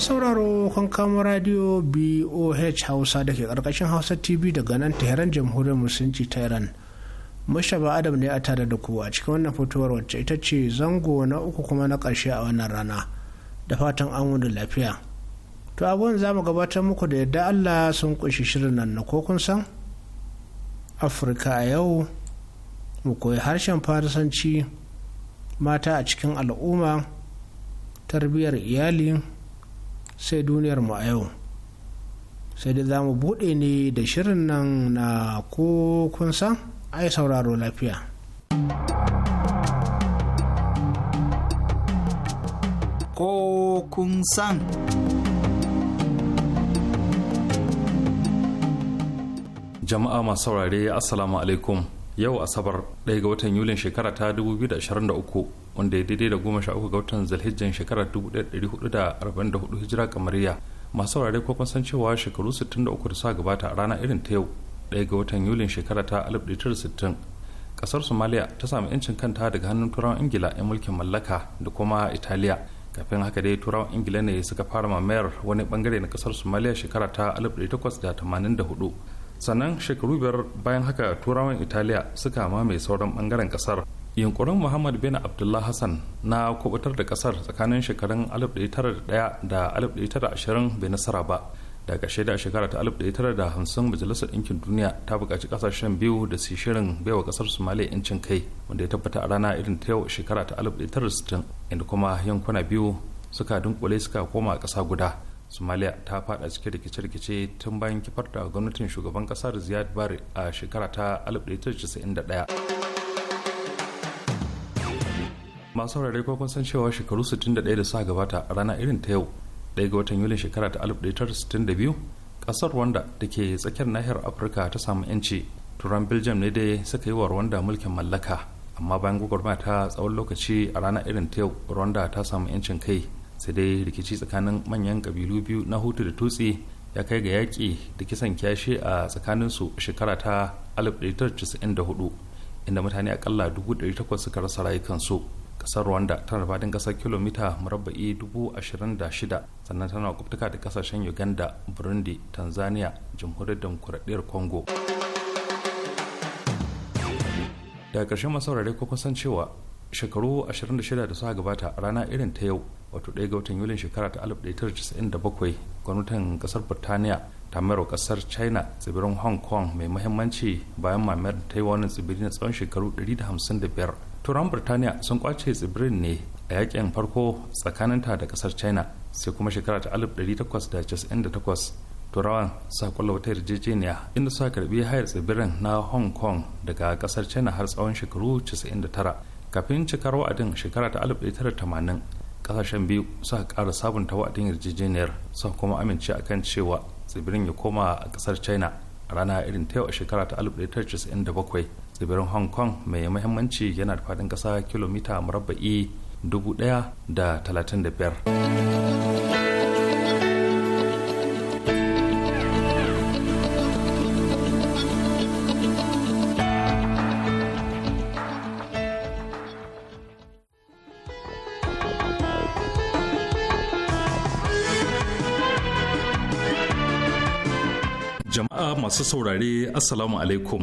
sauraro kan kama radio boh hausa da ke karkashin hausa tv daga nan tehran jamhuriyar musulunci ta iran mashaba adam ne a tare da ku a cikin wannan fitowar wacce ita ce zango na uku kuma na karshe a wannan rana da fatan an da lafiya to abuwan za mu gabatar muku da yadda allah sun kunshi shirin nan na ko kun san afirka a yau mu koyi harshen farisanci mata a cikin al'umma tarbiyyar iyali sai duniyar mu a yau sai dai za mu buɗe ne da shirin nan na ko kun san ai sauraro lafiya ko kun san jama'a masu saurare assalamu alaikum yau asabar ɗaya ga watan yulin shekara ta 2023 wanda ya daidai da goma sha uku ga watan zalhijjan shekarar hudu hijira kamariya masu saurare ko kun san cewa shekaru sittin da sa gabata a rana irin ta yau ɗaya ga watan yulin shekara ta 1960 kasar somaliya ta samu yancin kanta daga hannun turawan ingila 'yan mulkin mallaka da kuma italiya kafin haka dai turawan ingila ne suka fara mamayar wani bangare na kasar somaliya shekara ta 1884 sannan shekaru biyar bayan haka turawan italiya suka mamaye sauran bangaren kasar yunkurin muhammad bin abdullah hassan na kubutar da kasar tsakanin shekarun 1901 da 1920 bai nasara ba da shaida da shekara ta 1950 majalisar ɗinkin duniya ta buƙaci ƙasashen biyu da su shirin baiwa ƙasar somalia 'yancin kai wanda ya tabbata a rana irin ta yau shekara ta 1960 inda kuma yankuna biyu suka dunkule suka koma ƙasa guda somalia ta fada cikin rikice-rikice tun bayan kifar da gwamnatin shugaban ƙasar ziyad bare a shekara ta 1991 masu saurare ko kun san cewa shekaru 61 da sa gabata a rana irin ta yau ɗaya ga watan yulin shekara ta 1962 ƙasar rwanda da ke tsakiyar nahiyar afirka ta samu yanci turan belgium ne dai suka yi wa rwanda mulkin mallaka amma bayan gwagwarmaya ta tsawon lokaci a rana irin ta yau rwanda ta samu yancin kai sai dai rikici tsakanin manyan kabilu biyu na hutu da tutsi ya kai ga yaƙi da kisan kyashe a tsakaninsu shekara ta 1994 inda mutane akalla 800 suka rasa rayukansu kasar rwanda tana faɗin ƙasar kilomita marabba'i 26,000 sannan tana kubtuka da kasashen uganda burundi tanzania jamhuriyar demokuraɗiyar congo da ƙarshen masaurare ko kusan cewa shekaru 26 da suka gabata rana irin ta yau wato ɗaya ga watan yulin shekara ta 1997 gwamnatin ƙasar burtaniya ta mayar kasar china tsibirin hong kong mai mahimmanci bayan mamayar ta yi wani tsibiri na tsawon shekaru 155 turan birtaniya sun kwace tsibirin ne a yakin farko tsakaninta da kasar china sai kuma shekara ta 1898 turawan sa kwallo wata yarjejeniya inda suka karbi hayar tsibirin na hong kong daga kasar china har tsawon shekaru 99 kafin cikar wa'adin shekara ta 1980 kasashen biyu suka kara sabunta wa'adin yarjejeniyar suka kuma amince a kan cewa tsibirin ya koma a kasar china rana irin ta yau a shekara ta 1997 tsibirin hong kong mai mahimmanci yana da faɗin ƙasa kilomita murabba'i 1,035 masu saurare assalamu alaikum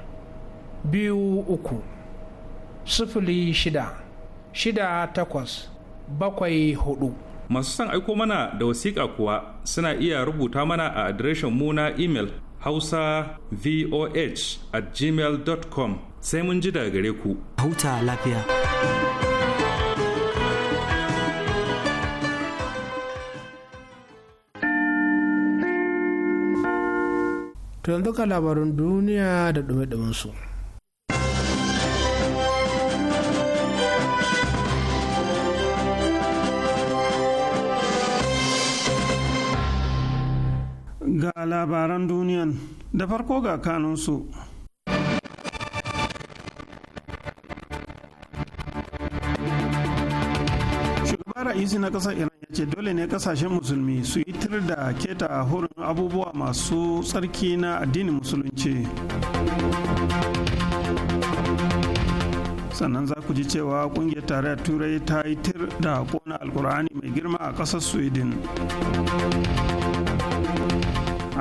biyu uku sifili shida shida takwas bakwai hudu masu son aiko mana da wasiƙa kuwa suna iya rubuta mana a adireshin mu na imel hausa voh at com sai mun ji daga gare ku huta lafiya to yanzu ka labarin duniya da ɗume su. ga labaran duniyan da farko ga kanunsu. Shugaba ra'isi na ƙasar Iran ya ce dole ne ƙasashen musulmi su yi tir da keta hurin abubuwa masu tsarki na addinin musulunci. sannan za ku ji cewa kungiyar tarayyar turai ta yi tir da kona alkur'ani mai girma a ƙasar sweden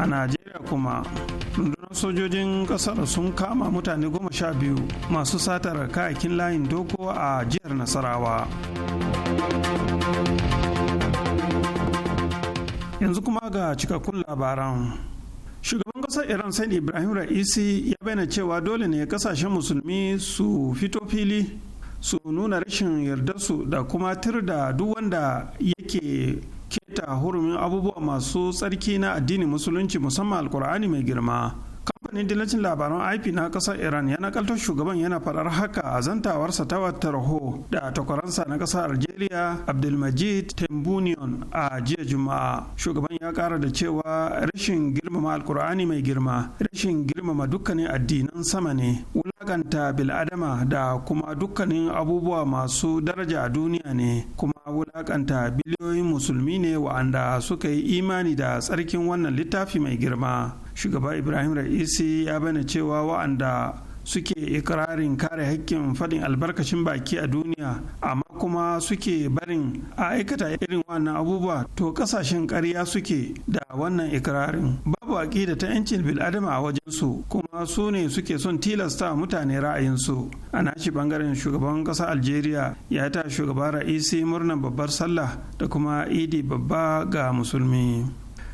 a najeriya kuma rundunar sojojin kasar sun kama mutane goma sha biyu masu satar kayakin layin doko a jihar nasarawa yanzu kuma ga cikakkun labaran shugaban kasar iran sani ibrahim ra'isi ya bayyana cewa dole ne kasashen musulmi su fito fili su nuna rashin yardarsu da kuma tir da duk wanda yake ta hurumin abubuwa masu tsarki na addinin musulunci musamman alkur'ani mai girma kamfanin dillacin labaran ip na kasar iran ya nakaltar shugaban yana faɗar haka a zantawarsa ta watar ho da takwaransa na kasar algeria abdulmajid tembunion a jiya juma'a shugaban ya kara da cewa rashin girmama alkur'ani mai girma rashin girmama dukkanin addinan sama ne wulakanta bil'adama da kuma dukkanin abubuwa masu daraja a duniya ne kuma wulakanta biliyoyin musulmi ne wa'anda suka yi imani da tsarkin wannan littafi mai girma shugaba ibrahim ra'isi ya bane cewa wa'anda suke ikirarin kare hakkin faɗin albarkacin baki a duniya amma kuma suke barin a aikata irin wannan abubuwa to kasashen karya suke da wannan ikirarin babu aƙida ta 'yancin bil'adama a wajensu kuma su ne suke son tilasta mutane ra'ayinsu a nashi bangaren shugaban ƙasar algeria ya ta shugaba ra'isi murnan babbar sallah da kuma idi babba ga musulmi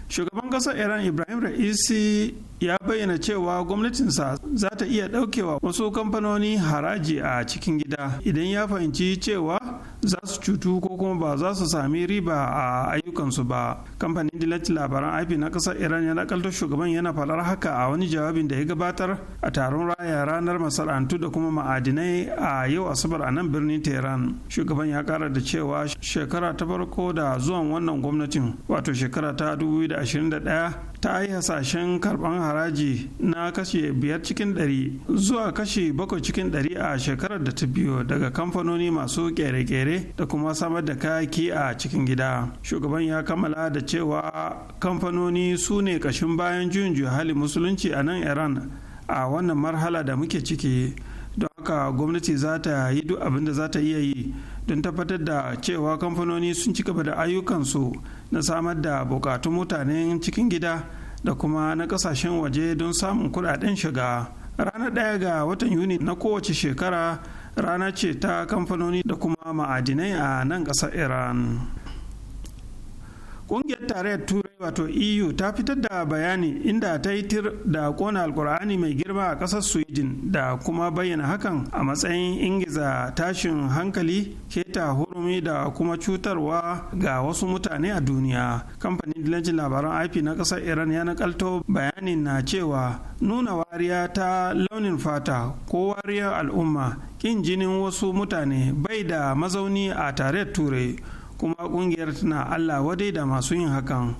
shugaban ƙasar iran ibrahim ra'isi ya bayyana cewa gwamnatinsa za ta iya ɗaukewa wasu kamfanoni haraji a cikin gida idan ya fahimci cewa za su cutu ko kuma ba za su sami riba a ayyukansu ba kamfanin dilaci labaran ip na kasar iran ya nakaltar shugaban yana faɗar haka a wani jawabin da ya gabatar a taron raya ranar masana'antu da kuma ma'adinai a yau asabar a nan birnin tehran shugaban ya kara da cewa shekara ta farko da zuwan wannan gwamnatin wato shekara ta 2021 ta yi hasashen karban haraji na kashe biyar cikin ɗari zuwa kashe bakwai cikin ɗari a shekarar da ta biyo daga kamfanoni masu kere-kere da kuma samar da kayaki a cikin gida shugaban ya kammala da cewa kamfanoni su ne kashin bayan juyin juhali musulunci a nan iran a wannan marhala da muke ciki don haka gwamnati za ta yi duk abin da za ta iya yi don tabbatar da cewa kamfanoni sun ci gaba da ayyukansu na samar da bukatun mutanen cikin gida da kuma na kasashen waje don samun kudaden shiga ranar ɗaya ga watan yuni na kowace shekara rana ce ta kamfanoni da kuma ma'adinai a nan ƙasar iran ƙungiyar tarayyar turai wato eu ta fitar da bayani inda ta yi tir da kona alkur'ani mai girma a ƙasar sweden da kuma bayyana hakan a matsayin ingiza tashin hankali keta kalmomi da kuma cutarwa ga wasu mutane a duniya kamfanin dilancin labaran ip na ƙasar iran ya nakalto bayanin na cewa nuna wariya ta launin fata ko wariyar al'umma kin jinin wasu mutane bai da mazauni a tare turai kuma ƙungiyar na allah wadai da masu yin hakan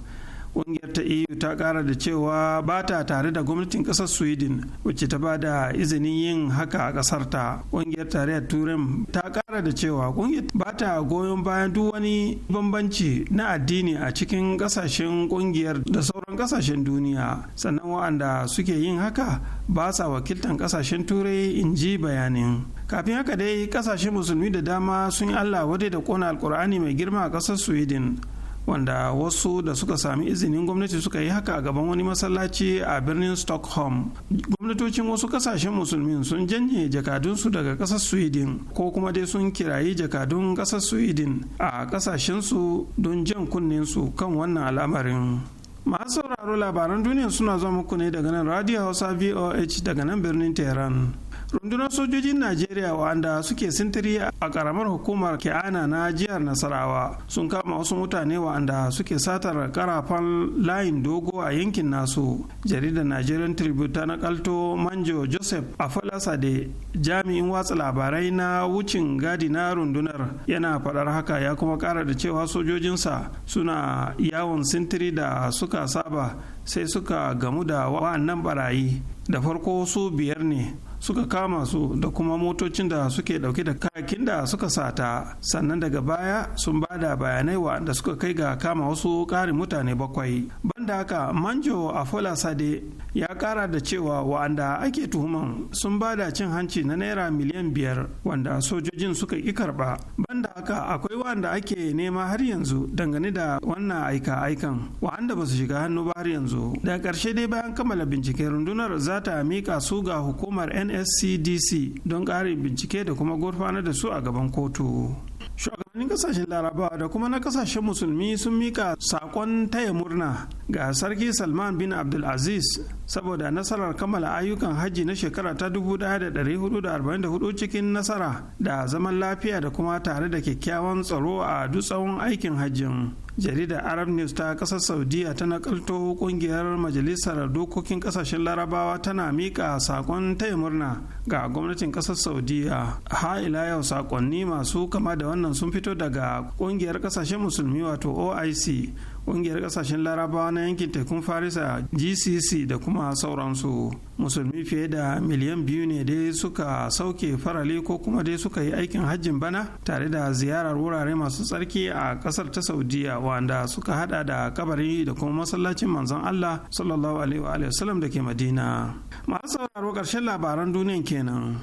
ƙungiyar ta eu ta kara da cewa ba ta tare da gwamnatin ƙasar sweden wacce ta ba da izinin yin haka a kasar ta kungiyar tarayyar turin ta ƙara da cewa kungiyar ba ta goyon bayan duk wani bambanci na addini a cikin kasashen ƙungiyar da sauran ƙasashen duniya sannan wa'anda suke yin haka ba sa wakiltan kasashen turai in ji bayanin kafin haka dai ƙasashen musulmi da dama sun yi allah wadai da kona alkur'ani mai girma a ƙasar sweden wanda wasu da suka sami izinin gwamnati suka yi haka a gaban wani masallaci a birnin stockholm gwamnatocin wasu kasashen musulmi sun janye jakadunsu daga kasar sweden ko kuma dai sun kirayi jakadun kasar sweden a kasashensu don jan kunninsu kan wannan al'amarin masu sauraro labaran duniya suna zuwa muku ne daga nan radio hausa voh daga nan birnin tehran rundunar sojojin najeriya wanda suke sintiri a karamar hukumar ke'ana na jihar nasarawa sun kama wasu mutane wanda suke satar karafan layin dogo a yankin nasu jaridar nigerian tribute ta nakalto manjo joseph a da jami'in watsa labarai na wucin gadi na rundunar yana faɗar haka ya kuma ƙara da cewa sojojinsa suna yawon sintiri da suka saba sai suka gamu da wa'annan barayi da farko su biyar ne suka kama su da kuma motocin da suke dauke da kayakin da suka sata sannan daga baya sun ba da bayanai wanda suka kai ga kama wasu ƙarin mutane bakwai banda haka manjo a sade ya kara da cewa wa'anda ake tuhuman sun ba da cin hanci na naira miliyan biyar wanda sojojin suka ƙi karba. banda haka akwai wa'anda ake nema har yanzu dangane da wannan aika-aikan wa'anda ba su shiga hannu ba har yanzu da ƙarshe dai bayan kammala bincike rundunar za ta miƙa su ga hukumar nscdc don ƙarin bincike da kuma gurfanar da su a gaban kotu. shugabannin kasashen larabawa da kuma na kasashen musulmi sun mika sakon taya murna ga sarki salman bin abdulaziz saboda nasarar kammala ayyukan hajji na shekara ta 1444 cikin nasara da zaman lafiya da kuma tare da kyakkyawan tsaro a duk tsawon aikin hajjin jaridar arab news ta kasar saudiya ta nakalto kungiyar majalisar dokokin kasashen larabawa tana mika sakon taya murna ga gwamnatin kasar saudiya ha ila yau sakonni masu kama da wannan sun fito daga kungiyar kasashen musulmi wato oic ƙungiyar ƙasashen larabawa na yankin tekun farisa gcc da kuma sauransu musulmi fiye da miliyan biyu ne dai suka sauke farale ko kuma dai suka yi aikin hajjin bana tare da ziyarar wurare masu tsarki a kasar ta saudiya wanda suka hada da kabari da kuma masallacin manzon allah sallallahu alaihi wa da ke madina masu sauraro karshen labaran duniyan kenan.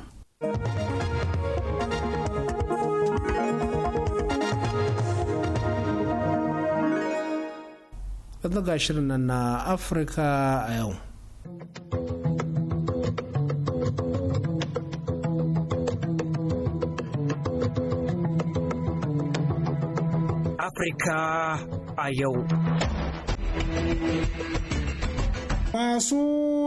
yanzu ga shirin nan na afirka a yau Afirka a yau. Masu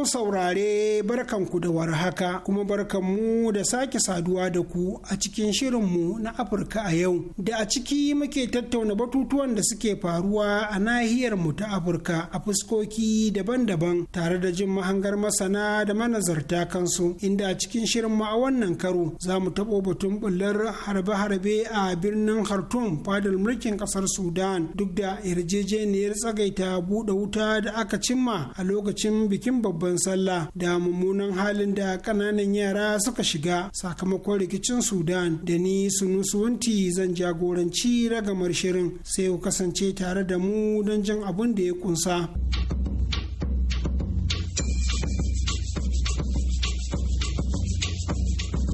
saurare barkanku da warhaka kuma barkanmu da sake saduwa da ku a cikin shirinmu na Afirka a yau da a ciki muke tattauna batutuwan da suke faruwa a nahiyar mu ta Afirka a fuskoki daban-daban tare da jin mahangar masana da manazarta kansu inda a cikin shirinmu a wannan karo za mu taɓo batun bullar harbe-harbe a birnin Khartoum fadar mulkin ƙasar Sudan duk da yarjejeniyar tsagaita buɗe wuta da aka cimma a lokacin bikin babban babban sallah da mummunan halin da kananan yara suka shiga sakamakon rikicin sudan da ni wanti zan jagoranci ragamar shirin sai ku kasance tare da mu don jin abin da ya kunsa.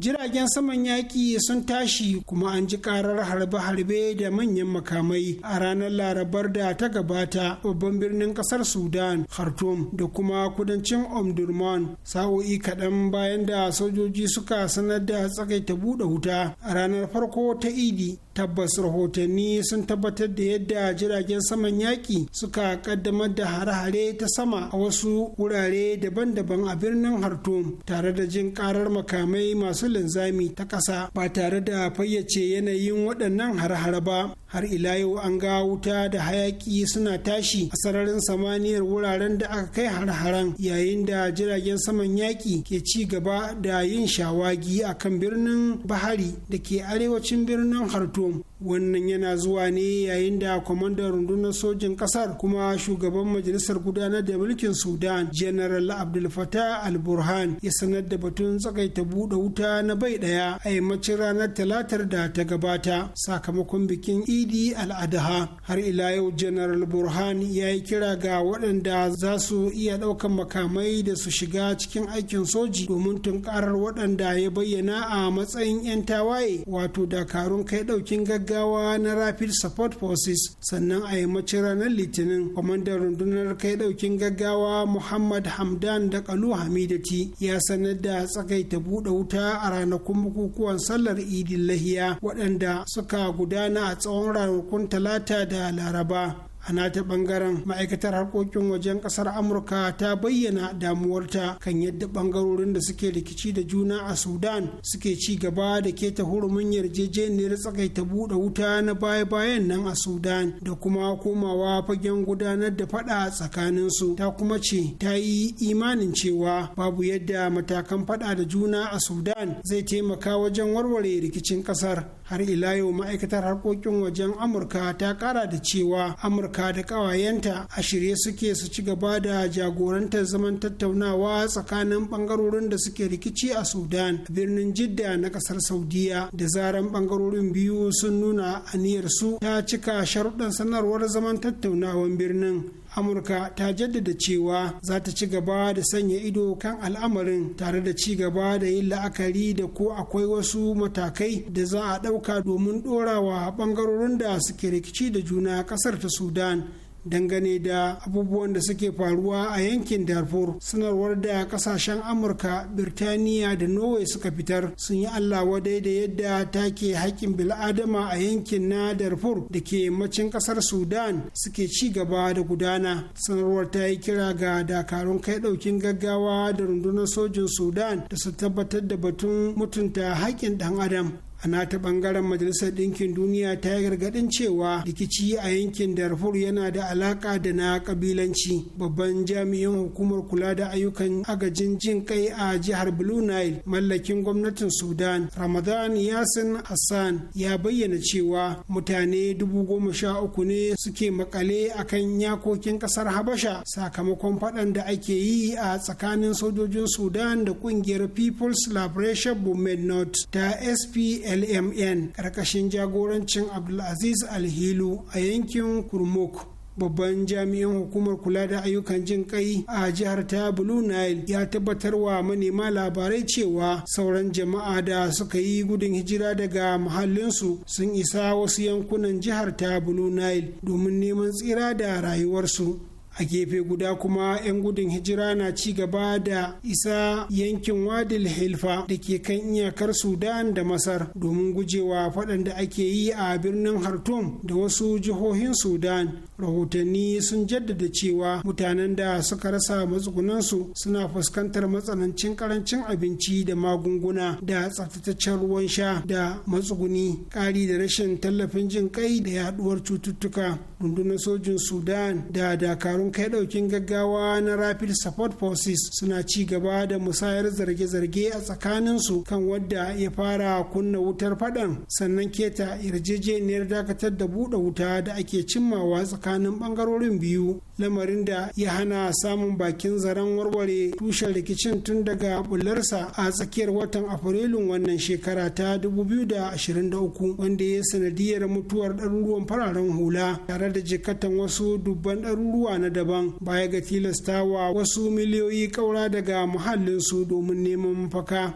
jiragen saman yaƙi sun tashi kuma an ji karar harbe-harbe da manyan makamai a ranar larabar da ta gabata babban birnin kasar sudan khartoum da kuma kudancin omdurman sa'o'i kaɗan bayan da sojoji suka sanar da tsakaita buɗe wuta a ranar farko ta idi tabbas rahotanni sun tabbatar da yadda jiragen saman yaƙi suka kaddamar da hare-hare ta sama a wasu wurare daban-daban a birnin hartum tare da jin karar makamai masu linzami ta ƙasa ba tare da fayyace yanayin waɗannan hare-hare ba har ila yau an ga wuta da hayaki suna tashi a sararin samaniyar wuraren da aka kai har-haren yayin da jiragen saman yaƙi ke ci gaba da yin shawagi a kan birnin bahari da ke arewacin birnin khartoum wannan yana zuwa ne yayin da kwamandan rundunar sojin kasar kuma shugaban majalisar gudanar da mulkin sudan general abdul fatah al burhan ya sanar da batun tsakaita buɗe wuta na bai ɗaya a yammacin ranar talatar da ta gabata sakamakon bikin idi al'adaha har ila yau general burhan ya yi kira ga waɗanda za su iya ɗaukan makamai da su shiga cikin aikin soji domin tunkarar waɗanda ya bayyana a matsayin 'yan tawaye wato dakarun kai ɗaukin gaggawa gaggawa na rapid support forces sannan a yammacin ranar litinin kwamandan rundunar kai daukin gaggawa muhammad hamdan da kalu hamidati ya sanar da tsagaita buɗe wuta a ranakun bukukuwan sallar idin lahiya waɗanda suka gudana a tsawon ranakun talata da laraba a ta bangaren ma'aikatar harkokin wajen kasar amurka ta bayyana damuwarta kan yadda bangarorin da suke rikici da juna a sudan suke ci gaba da keta hurumin yarjejeniyar tsakaita buɗe wuta na baya-bayan nan a sudan da kuma komawa fagen gudanar da faɗa su ta kuma ce ta yi imanin cewa babu yadda matakan faɗa da juna a sudan zai taimaka wajen warware rikicin kasar har ila yau ma'aikatar harkokin wajen amurka ta ƙara da cewa amurka amurka da ƙawayenta a shirye suke su ci gaba da jagorantar zaman tattaunawa tsakanin ɓangarorin da suke rikici a sudan birnin jidda na ƙasar saudiya da zaran ɓangarorin biyu sun nuna aniyar su ta cika sharuɗan sanarwar zaman tattaunawan birnin amurka ta jaddada cewa za ta ci gaba da sanya ido kan al'amarin tare da ci gaba da yin la'akari da ko akwai wasu matakai da za a ɗauka domin ɗorawa ɓangarorin da suke rikici da juna ƙasar ta sudan dangane da abubuwan da suke faruwa a yankin darfur sanarwar da kasashen amurka birtaniya da norway suka fitar sun yi allah wadai da yadda take haƙƙin bil'adama a yankin na darfur da ke yammacin ƙasar sudan suke ci gaba da gudana sanarwar ta yi kira ga dakarun kai ɗaukin gaggawa da rundunar sojin sudan da su tabbatar da batun mutunta haƙƙin ɗan adam a nata bangaren majalisar ɗinkin duniya ta yi gargaɗin cewa rikici a yankin darfur yana da alaƙa da na ƙabilanci babban jami'in hukumar kula da ayyukan agajin jin kai a jihar blue nile mallakin gwamnatin sudan ramadan yasin hassan ya bayyana cewa mutane dubu goma sha uku ne suke makale a kan yakokin ƙasar habasha sakamakon faɗan da ake yi a tsakanin sojojin sudan da ƙungiyar people's liberation movement ta spf lmn karkashin jagorancin abdulaziz alhilu a yankin kurmuk babban jami'in hukumar kula da ayyukan jin kai a jihar ta blue nile ya tabbatar wa manema labarai cewa sauran jama'a da suka yi gudun hijira daga muhallinsu sun isa wasu yankunan jihar ta blue nile domin neman tsira da rayuwarsu a gefe guda kuma 'yan gudun hijira na ci gaba da isa yankin wadil hilfa da ke kan iyakar sudan da masar domin gujewa faɗan da ake yi a birnin hartum da wasu jihohin sudan rahotanni sun jaddada cewa mutanen da suka rasa matsugunansu suna fuskantar matsanancin karancin abinci da magunguna da tsaftataccen ruwan sha da matsuguni kari da rashin tallafin jin kai da yaduwar cututtuka rundunar sojin sudan da dakarun dakarun kai daukin gaggawa na rapid support forces suna ci gaba da musayar zarge-zarge a tsakaninsu kan wadda ya fara kunna wutar fadan sannan keta yarjejeniyar dakatar da buɗe wuta da ake cimmawa tsakanin ɓangarorin biyu lamarin da ya hana samun bakin zaren warware tushen rikicin tun daga bullarsa a tsakiyar watan afrilun wannan shekara ta 2023 wanda ya sanadiyar mutuwar ɗaruruwan fararen hula tare da jikatan wasu dubban ɗaruruwa na daban baya ga tilastawa wasu miliyoyi kaura daga muhallin su domin neman mafaka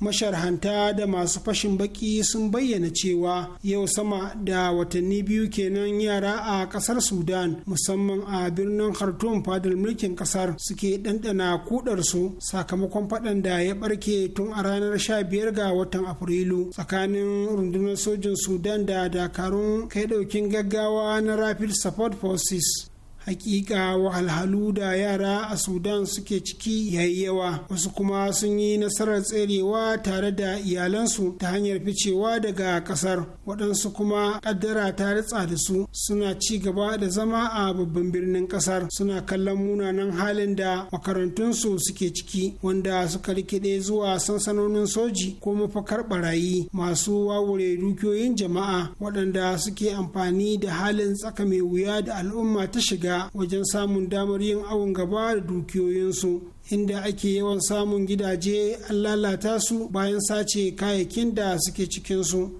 masharhanta da masu fashin baki sun bayyana cewa yau sama da watanni biyu kenan yara a kasar sudan musamman a birnin khartoum fadar mulkin kasar suke ɗanɗana kudarsu sakamakon faɗan da ya ɓarke tun a ranar 15 ga watan afrilu tsakanin rundunar sojin sudan da dakarun kai ɗaukin gaggawa na rapid support forces hakika wahalhalu da yara a sudan suke ciki yayi yawa wasu kuma sun yi nasarar tserewa tare da iyalansu ta hanyar ficewa daga kasar waɗansu kuma kaddara ta ritsa da su suna ci gaba da zama a babban birnin kasar suna kallon munanan halin da makarantunsu suke ciki wanda suka rikide zuwa sansanonin soji ko mafakar barayi masu wawure dukiyoyin jama'a waɗanda suke amfani da halin tsaka mai wuya da al'umma ta shiga gida wajen samun damar yin awon gaba da dukiyoyinsu inda ake yawan samun gidaje an lalata su bayan sace kayayyakin da suke cikinsu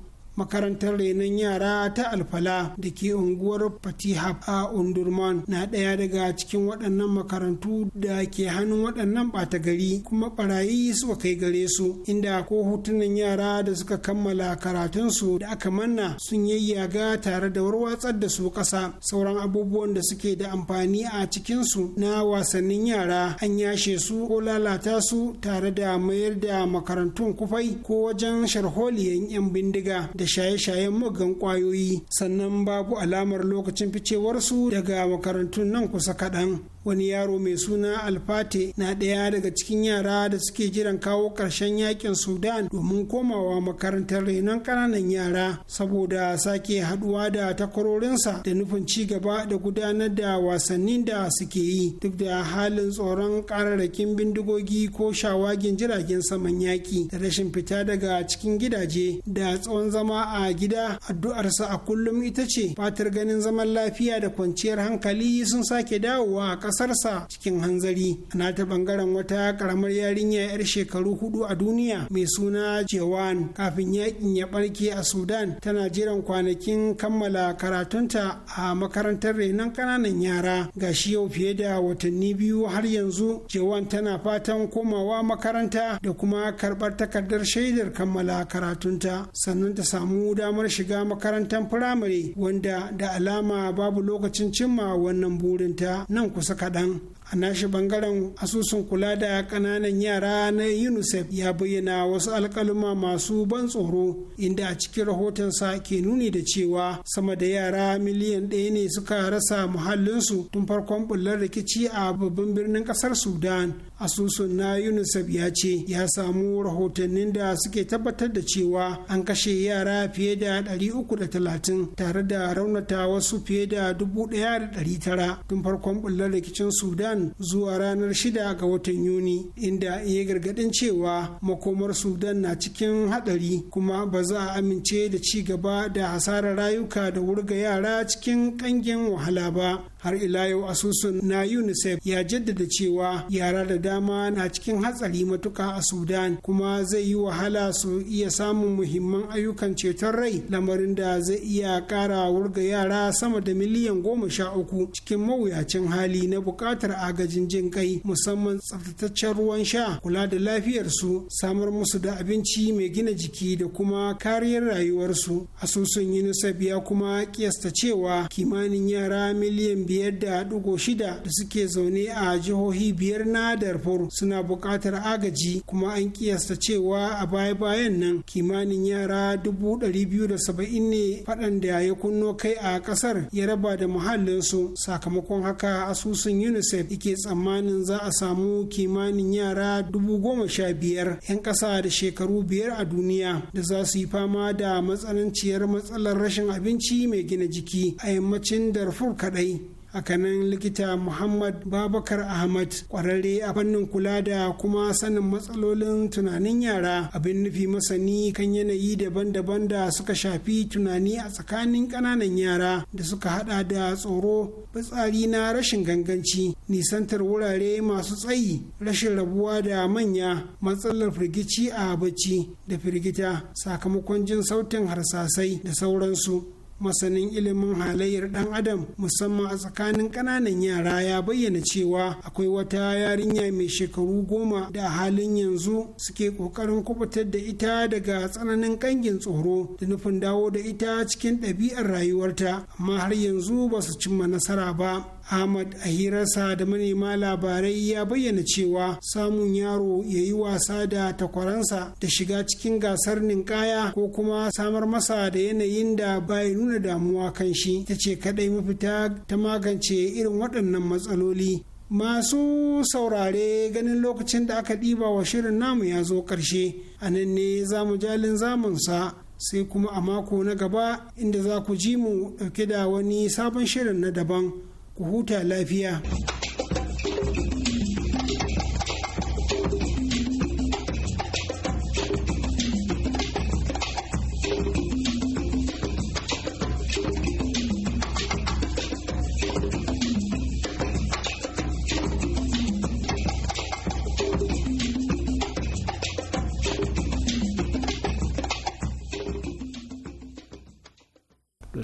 makarantar renon yara ta alfala da ke unguwar fatihab a undurman na ɗaya daga cikin waɗannan makarantu da ke hannun waɗannan ɓata gari kuma ɓarayi suka kai gare su inda ko hutunan yara da suka kammala karatunsu da aka manna sun yayyaga tare da warwatsar da su ƙasa sauran abubuwan da suke da amfani a cikinsu na wasannin yara an yashe su ko lalata su tare da mayar da makarantun kufai ko wajen sharholiyan 'yan bindiga da shaye-shayen muggan kwayoyi sannan babu alamar lokacin ficewarsu daga makarantun nan kusa kaɗan wani yaro mai suna alfate na ɗaya daga cikin yara da suke jiran kawo ƙarshen yakin sudan domin komawa makarantar renon ƙananan yara saboda sake haɗuwa da takwarorinsa da nufin ci gaba da gudanar da wasannin da suke yi duk da halin tsoron ƙararrakin bindigogi ko shawagin jiragen saman yaƙi da rashin fita daga cikin gidaje da tsawon zama a gida addu'arsa a kullum ita ce fatar ganin zaman lafiya da kwanciyar hankali sun sake dawowa a ƙasarsa cikin hanzari na ta bangaren wata karamar yarinya 'yar shekaru hudu a duniya mai suna jewan kafin yakin ya barke a sudan tana jiran kwanakin kammala karatunta a makarantar renon ƙananan yara ga shi yau fiye da watanni biyu har yanzu jewan tana fatan komawa makaranta da kuma karɓar takardar shaidar kammala karatunta sannan ta samu damar shiga makarantar firamare wanda da alama babu lokacin cimma wannan burinta nan kusa kaɗan a nashi bangaren asusun kula da kananan yara na unicef ya bayyana wasu alkaluma masu ban tsoro inda a cikin rahotonsa ke nuni da cewa sama da yara miliyan ɗaya ne suka rasa muhallinsu tun farkon bullar rikici a babban birnin ƙasar sudan asusun na unicef ya ce ya samu rahotannin da suke tabbatar da cewa an kashe yara fiye da 330 tare da raunata wasu fiye da 1,900 tun farkon bullar rikicin sudan sudan zuwa ranar 6 ga watan yuni inda ya gargadin cewa makomar sudan na cikin hadari kuma ba za a amince da ci gaba da hasarar rayuka da wurga yara cikin kangin wahala ba har ila yau asusun na unicef ya jaddada cewa yara da dama na cikin hatsari matuka a sudan kuma zai yi wahala su iya samun muhimman ayyukan ceton rai lamarin da zai iya kara wurga yara sama da miliyan goma sha uku cikin mawuyacin hali na bukatar agajin jin kai musamman tsaftataccen ruwan sha kula da lafiyarsu samar musu da abinci mai gina jiki da kuma kariyar rayuwarsu asusun unicef ya kuma kiyasta cewa kimanin yara miliyan biyar da dugo shida da suke zaune a jihohi biyar na darfur suna buƙatar agaji kuma an kiyasta cewa a baya-bayan nan kimanin yara dubu ɗari biyu da saba'in ne faɗan da ya kunno kai a ƙasar ya raba da muhallinsu sakamakon haka asusun unicef ake tsammanin za a samu kimanin yara dubu goma sha biyar 'yan ƙasa da shekaru biyar a duniya da za su yi fama da matsananciyar matsalar rashin abinci mai gina jiki a yammacin darfur kaɗai hakanan likita muhammad babakar ahmad kwararre a fannin kula da kuma sanin matsalolin tunanin yara abin nufi masani kan yanayi daban-daban da suka shafi tunani a tsakanin ƙananan yara da suka hada da tsoro fitsari na rashin ganganci nisantar wurare masu tsayi rashin rabuwa da manya matsalar firgici a bacci da firgita sakamakon jin sautin harsasai da sauransu masanin ilimin halayyar dan adam musamman a tsakanin ƙananan yara ya bayyana cewa akwai wata yarinya mai shekaru goma da halin yanzu suke ƙoƙarin kubutar da ita daga tsananin ƙangin tsoro da nufin dawo da ita cikin ɗabi'ar rayuwarta amma har yanzu ba su cimma nasara ba ahmad a hirarsa da manema labarai ya bayyana cewa samun yaro ya yi wasa da takwaransa da shiga cikin gasar ninkaya ko kuma samar masa da yanayin da bai nuna damuwa kan shi ta ce kadai mafita ta magance irin waɗannan matsaloli masu saurare ganin lokacin da aka ɗiba wa shirin namu ya zo ƙarshe a nan ne za mu jalin zamunsa sai kuma a mako na gaba inda za ku ji mu ɗauke da wani sabon shirin na daban ku huta lafiya.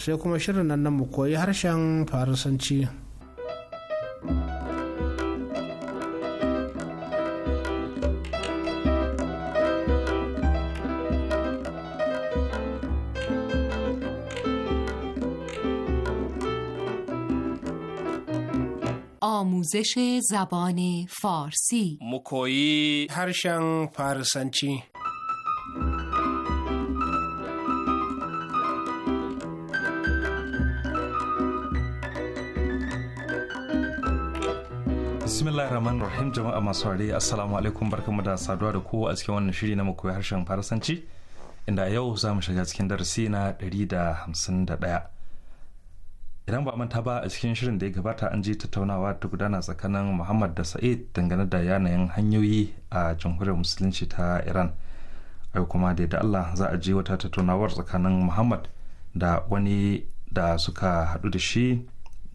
sai kuma shirin nan na koyi harshen farisanci آموزش زبان فارسی مکویی هرشن فارسنچی bismillah rahman rahim jama'a masu haure assalamu alaikum barkamu da saduwa da ku a cikin wannan shiri na koyi harshen farasanci inda yau za mu shiga cikin darasi na ɗari da da ɗaya. idan ba manta ba a cikin shirin da ya gabata an ji tattaunawa ta gudana tsakanin muhammad da sa'id dangane da yanayin hanyoyi a jamhuriyar musulunci ta iran ai kuma da da allah za a ji wata tattaunawar tsakanin muhammad da wani da suka hadu da shi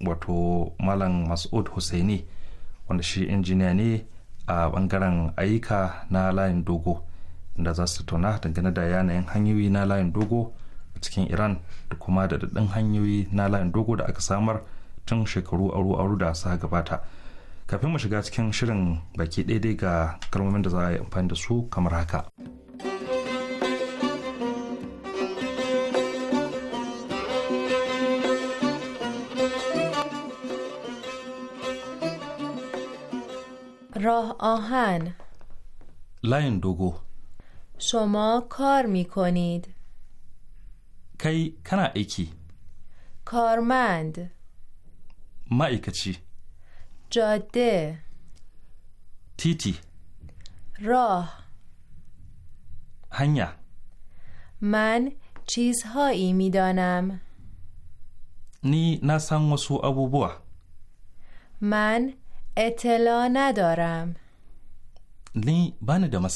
wato malam mas'ud hussaini wanda shi injiniya ne a bangaren ayyuka na layin dogo da za su tattauna dangane da yanayin hanyoyi na layin dogo cikin iran da kuma da daɗin hanyoyi na layin dogo da aka samar tun shekaru aru aru da sa gabata kafin mu shiga cikin shirin baki daidai ga kalmomin da za a yi amfani da su kamar haka راه آهن لاین دوگو شما کار می کنید کی کنا ایکی کارمند چی؟ جاده تیتی راه هنیا من چیزهایی میدانم نی نسان ابو بوا من اطلاع ندارم نی بانی دا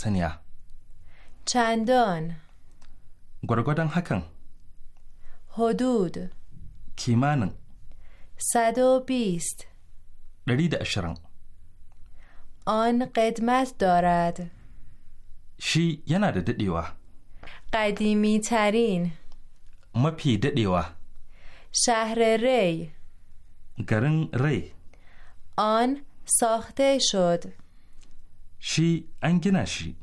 چندان گرگودن هکن حدود کیمان 120 و بیست رید اشرن آن قدمت دارد شی یه نده دیوه قدیمی ترین ما پی شهر ری گرن ری آن ساخته شد شی انگی شی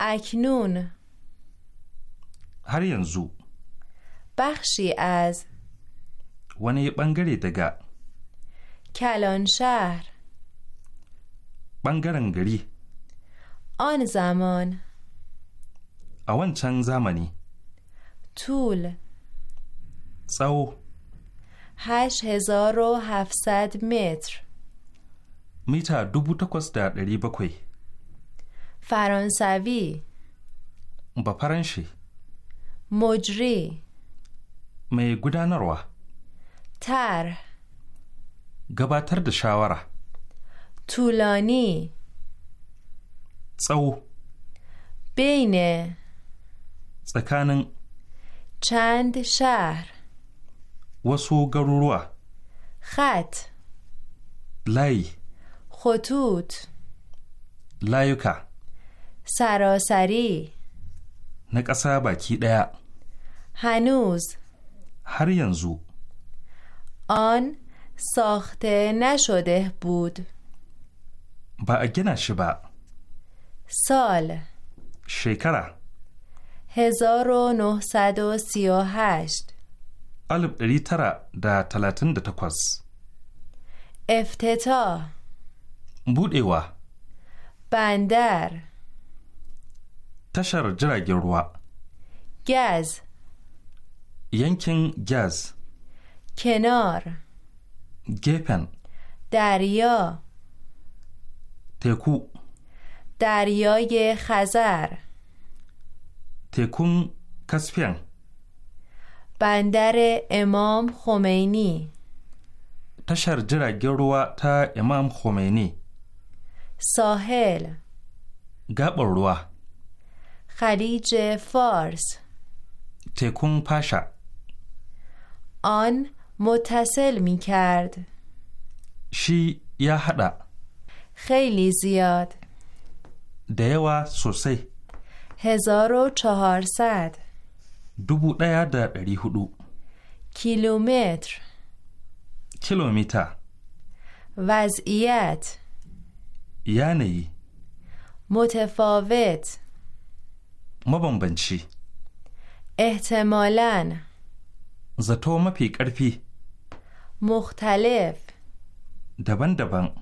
اکنون هر ینزو بخشی از ونه بنگری دگا کلان شهر بنگرنگری آن زمان اون چند زمانی طول سو هشت هزار و هفتصد متر میتر دو بوتا کس در دری بکوی فرانسوی با پرنشی مجری mai gudanarwa tar gabatar da shawara tulani tsawo bene tsakanin chand shahr wasu garuruwa khat layi khotut layuka sarasari na ƙasa baki ɗaya hanuz هر ینزو آن ساخته نشده بود با اگه با سال شکره 1938 الب ری دا تلاتن دا تکوز افتتا بود ایوا بندر تشر جرگ روا گز ینکن گز کنار گپن دریا تکو دریای خزر تکون کسپین بندر امام خمینی تشر جرا گروا تا امام خمینی ساحل گبروا خلیج فارس تکون پاشا آن متصل می کرد شی یا خیلی زیاد دیوا سوسی هزار و چهارصد دوبو دیا در هدو کیلومتر کیلومتر وضعیت یعنی متفاوت مبنبنچی احتمالاً zato mafi ƙarfi مختلف دبن دبن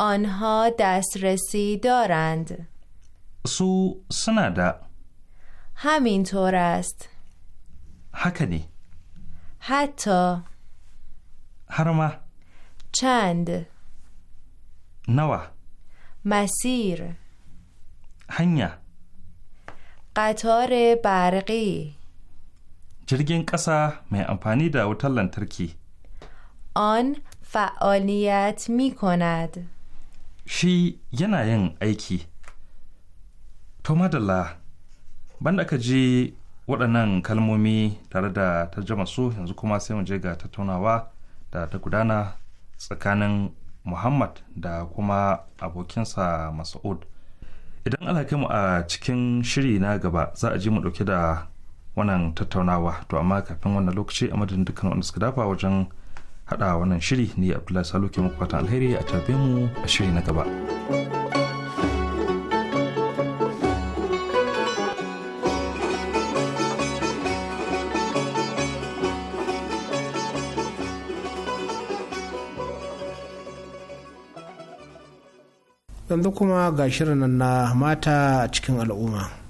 آنها دسترسی دارند سو سنادا طور است حکنی حتی هرما چند نوا مسیر هنیا قطار برقی jirgin ƙasa mai amfani da wutar lantarki on fa'oliyat mikonad shi yana yin aiki to madalla banda ka ji waɗannan kalmomi tare da jama su yanzu kuma sai mu je ga tattaunawa da ta gudana tsakanin muhammad da kuma abokinsa masa'ud idan mu a cikin shiri na gaba za a ji mu ɗauke da wannan tattaunawa to amma kafin wannan lokaci a madadin dukkan wanda suka dafa wajen hada wannan shiri ne abdullahi salo ke muku fatan alheri a tabe mu a shiri na gaba. yanzu kuma ga shirin na mata a cikin al'umma.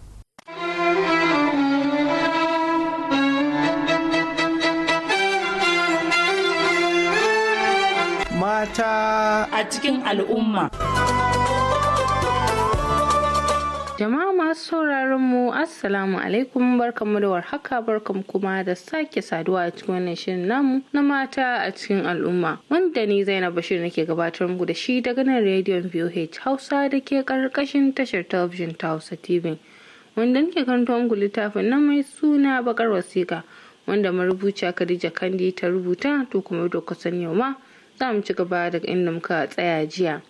ta a cikin al'umma. Jama'a masu sauraron mu Assalamu alaikum mu da warhaka mu kuma da sake saduwa a cikin wannan shirin namu na mata a cikin al'umma wanda ni Zainab Bashir nake gabatar mu da shi daga nan rediyon VOH Hausa da ke karkashin tashar talabijin ta Hausa TV wanda nake karanto muku littafin na mai suna bakar wasiƙa wanda marubuciya Khadija Kandi ta rubuta to kuma da kusan yau ma za mu ci gaba daga inda muka tsaya jiya.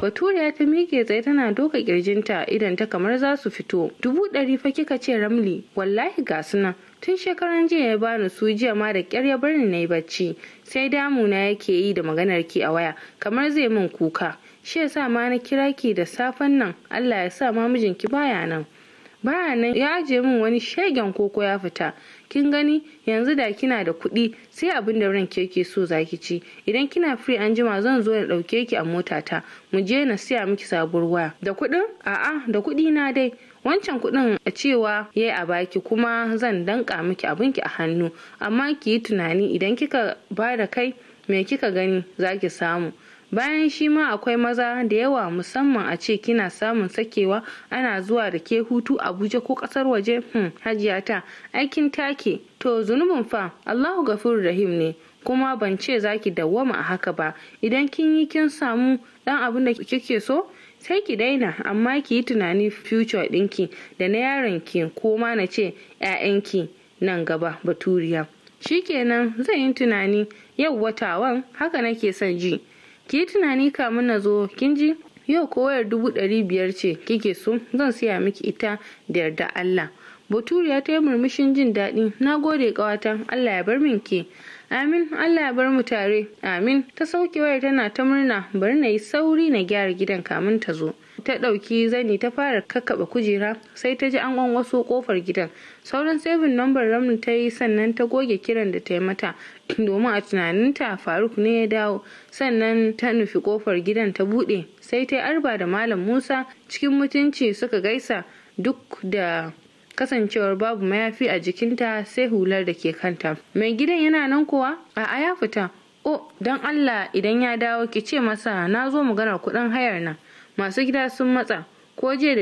Baturiya ta mike tsaye tana doka kirjinta idan ta kamar za su fito. Dubu ɗari fa kika ce Ramli, wallahi ga suna. Tun shekaran jiya ya bani su jiya ma da ƙyar ya bar ni na yi bacci. Sai damuna yake yi da maganar ki a waya, kamar zai min kuka. Shi ya sa ma na kira ki da safen nan, Allah ya sa ma mijinki baya nan. baya nan ya ajiye min wani shegen koko ya fita kin gani yanzu da kina da kuɗi sai abin da ranke yake so zaki ci idan kina free an jima zan zo da ɗauke ki a motata mu je na siya miki sabuwar waya da kuɗin a'a da kuɗi na dai wancan kuɗin a cewa yayi a baki kuma zan danka miki abinki a hannu amma ki yi tunani idan kika ba da kai me kika gani zaki samu bayan shi ma akwai maza da yawa musamman a ce kina samun sakewa ana zuwa da ke hutu abuja ko kasar waje hmm, hajiya ta aikin take to zunubin fa allahu gafur rahim ne kuma ban ce zaki dawwama a haka ba idan kin yi kin samu dan abin da kike so sai ki daina amma ki yi tunani future ɗinki da na yaronki ko ma na ce 'ya'yanki nan gaba baturiya Shi shikenan zan yi tunani yau watawan haka nake son ji ki yi tunani kamun na zo kin ji yau ko wayar dubu ɗari biyar ce kike so zan siya miki ita da yarda Allah baturiya ta yi murmushin jin daɗi na gode ƙawata Allah ya bar min ke amin Allah ya bar mu tare amin ta sauke wayar tana ta murna bari na yi sauri na gyara gidan kamun ta zo ta ɗauki zani ta fara kakkaɓa kujera sai ta ji an wasu ƙofar gidan sauran seven nambar ramnu ta yi sannan ta goge kiran da ta yi mata domin a tunaninta faruk ne ya dawo sannan ta nufi kofar gidan ta buɗe sai ta yi arba da malam musa cikin mutunci suka gaisa duk da kasancewar babu mayafi a jikinta sai hular da ke kanta mai gidan yana nan kuwa a'a ya fita o oh, don allah idan ya dawo ki ce masa na zo maganar kuɗin hayar nan masu gida sun matsa ko jiya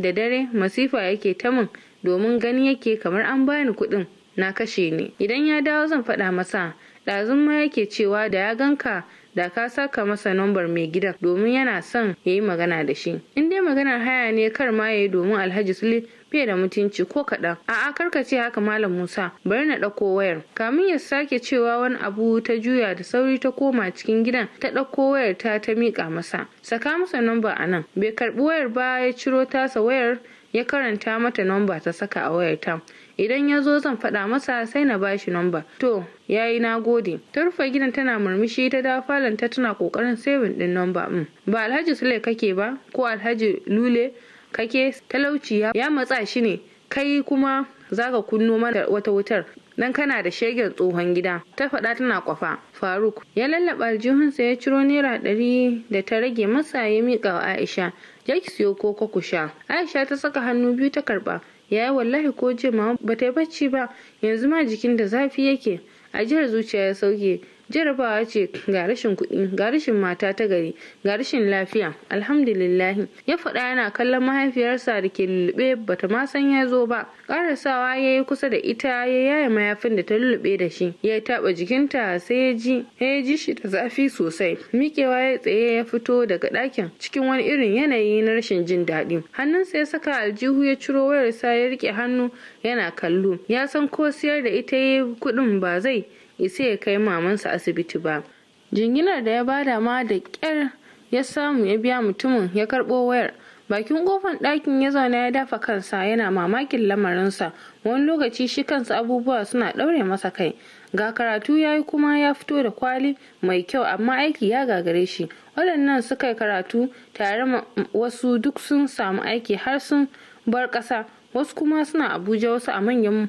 da dare masifa yake ta min domin gani yake kamar an bani kuɗin na kashe ni idan ya dawo zan faɗa masa ɗazun ma yake cewa da ya ganka da ka saka masa nambar mai gidan domin yana son ya yi magana da shi in dai maganar haya ne kar ma ya yi domin alhaji sule fiye da mutunci ko kaɗan a'a ka ce haka malam musa bari na ɗauko wayar kamin ya sake cewa wani abu ta juya da sauri ta koma cikin gidan ta ɗauko wayar ta ta miƙa masa saka masa namba a nan bai karɓi wayar ba ya ciro tasa wayar ya karanta mata namba ta saka a wayar ta idan ya zo zan faɗa masa sai na bashi namba to yayi na gode ta rufe gidan tana murmushi ta da tana kokarin sabin ɗin namba ba alhaji sule kake ba ko alhaji lule kake talauci ya matsa shi ne kai kuma zaka kunno mana wata wutar dan kana da shegen tsohon gida ta faɗa tana kwafa faruk ya lallaba aljihunsa ya ciro naira ɗari da ta rage masa ya miƙa wa aisha ya siyo ko ku sha aisha ta saka hannu biyu ta karɓa yi wallahi ko jima ba ta yi bacci ba yanzu ma jikin da zafi yake A jihar zuciya ya sauke jarabawa ce ga rashin kuɗi ga rashin mata ta gari ga rashin lafiya alhamdulillahi ya faɗa yana kallon mahaifiyarsa da ke lulluɓe bata ma san ya zo ba ƙarasawa ya yi kusa da ita ya yaya mayafin da ta lulluɓe da shi ya taɓa jikinta sai ya ji ya ji shi da zafi sosai miƙewa ya tsaye ya fito daga ɗakin cikin wani irin yanayi na rashin jin daɗi hannunsa ya saka aljihu ya ciro wayarsa ya riƙe hannu yana kallo ya san ko siyar da ita ya yi kuɗin ba zai isa ya kai mamansa asibiti ba jinginar da ya bada ma da ƙyar ya samu ya biya mutumin ya karɓo wayar bakin kofan ɗakin ya zauna ya dafa kansa yana mamakin lamarinsa wani lokaci shi kansa abubuwa suna ɗaure masa kai ga karatu ya yi kuma ya fito da kwali mai kyau amma aiki ya gagare shi waɗannan suka yi karatu tare wasu duk sun samu aiki har sun bar ƙasa wasu kuma suna abuja wasu a manyan